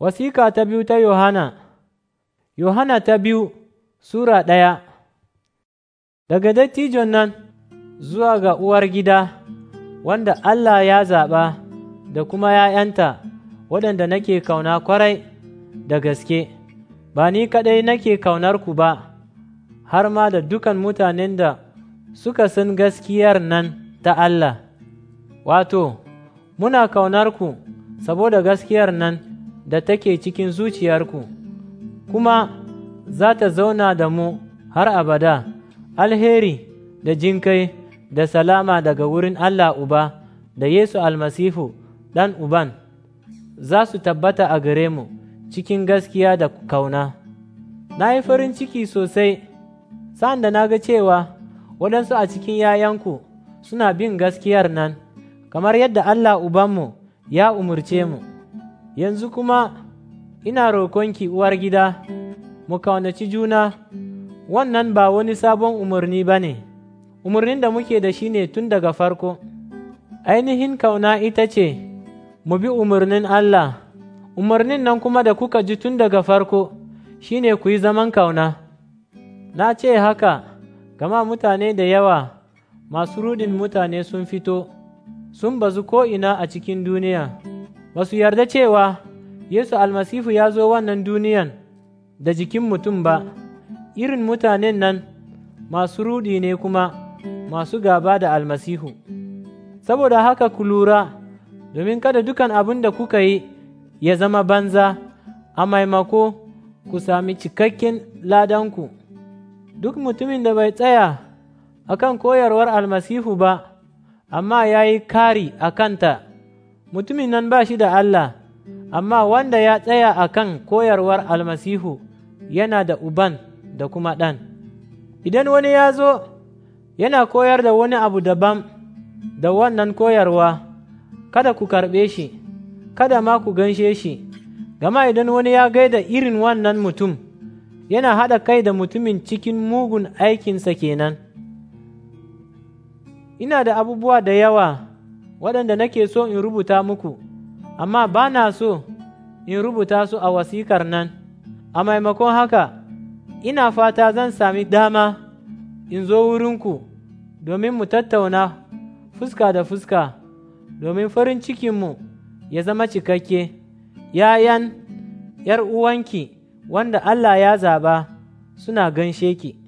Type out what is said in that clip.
Wasika ta biyu ta Yohana Yohana ta biyu Sura ɗaya Daga dattijon nan zuwa ga uwar gida wanda Allah ya zaɓa da kuma ‘ya'yanta waɗanda nake kauna kwarai da gaske, ba ni kaɗai nake kaunar ku ba, har ma da dukan mutanen da suka san gaskiyar nan ta Allah. Wato, muna kaunar ku saboda gaskiyar nan. da take cikin zuciyarku, kuma za ta zauna da mu har abada, alheri da jinkai da salama daga wurin Allah Uba da Yesu almasifu ɗan Uban, za su tabbata a gare mu cikin gaskiya da kauna. Na yi farin ciki sosai, sa'an da na ga cewa waɗansu a cikin yayanku suna bin gaskiyar nan, kamar yadda Allah Ubanmu ya umurce mu. yanzu kuma ina roƙonki uwar gida, mu kaunaci juna, wannan ba wani sabon umarni ba ne, umarnin da muke da shi ne tun daga farko. Ainihin kauna ita ce, mu bi umarnin Allah, umarnin nan kuma da kuka ji tun daga farko shi ne ku yi zaman kauna. Na ce haka, gama mutane da yawa, masu rudin mutane sun fito, sun bazu ko'ina a cikin duniya. ba su yarda cewa Yesu almasifu ya zo wannan duniyan da jikin mutum ba, irin mutanen nan masu rudi ne kuma masu gaba da almasihu. Saboda haka ku lura, domin kada dukan abin da kuka yi ya zama banza, a maimako ku sami cikakken ladanku. Duk mutumin da bai tsaya akan koyarwar almasihu ba, amma ya yi kari a kanta. mutumin nan ba shi da Allah, amma wanda ya tsaya a kan koyarwar almasihu yana da uban da kuma ɗan. Idan wani ya zo yana koyar da wani abu daban da wannan koyarwa, kada ku karɓe shi, kada ma ku ganshe shi, gama idan wani ya gaida irin wannan mutum, yana haɗa kai da mutumin cikin mugun aikinsa kenan. Ina da abubuwa da yawa. waɗanda nake so in rubuta muku, amma ba na so in rubuta su a wasikar nan, a maimakon haka, ina fata zan sami dama in zo wurinku domin mu tattauna fuska da fuska, domin farin cikinmu ya zama cikakke, ‘ya'yan ’yar uwanki wanda Allah ya zaɓa suna ganshe ki.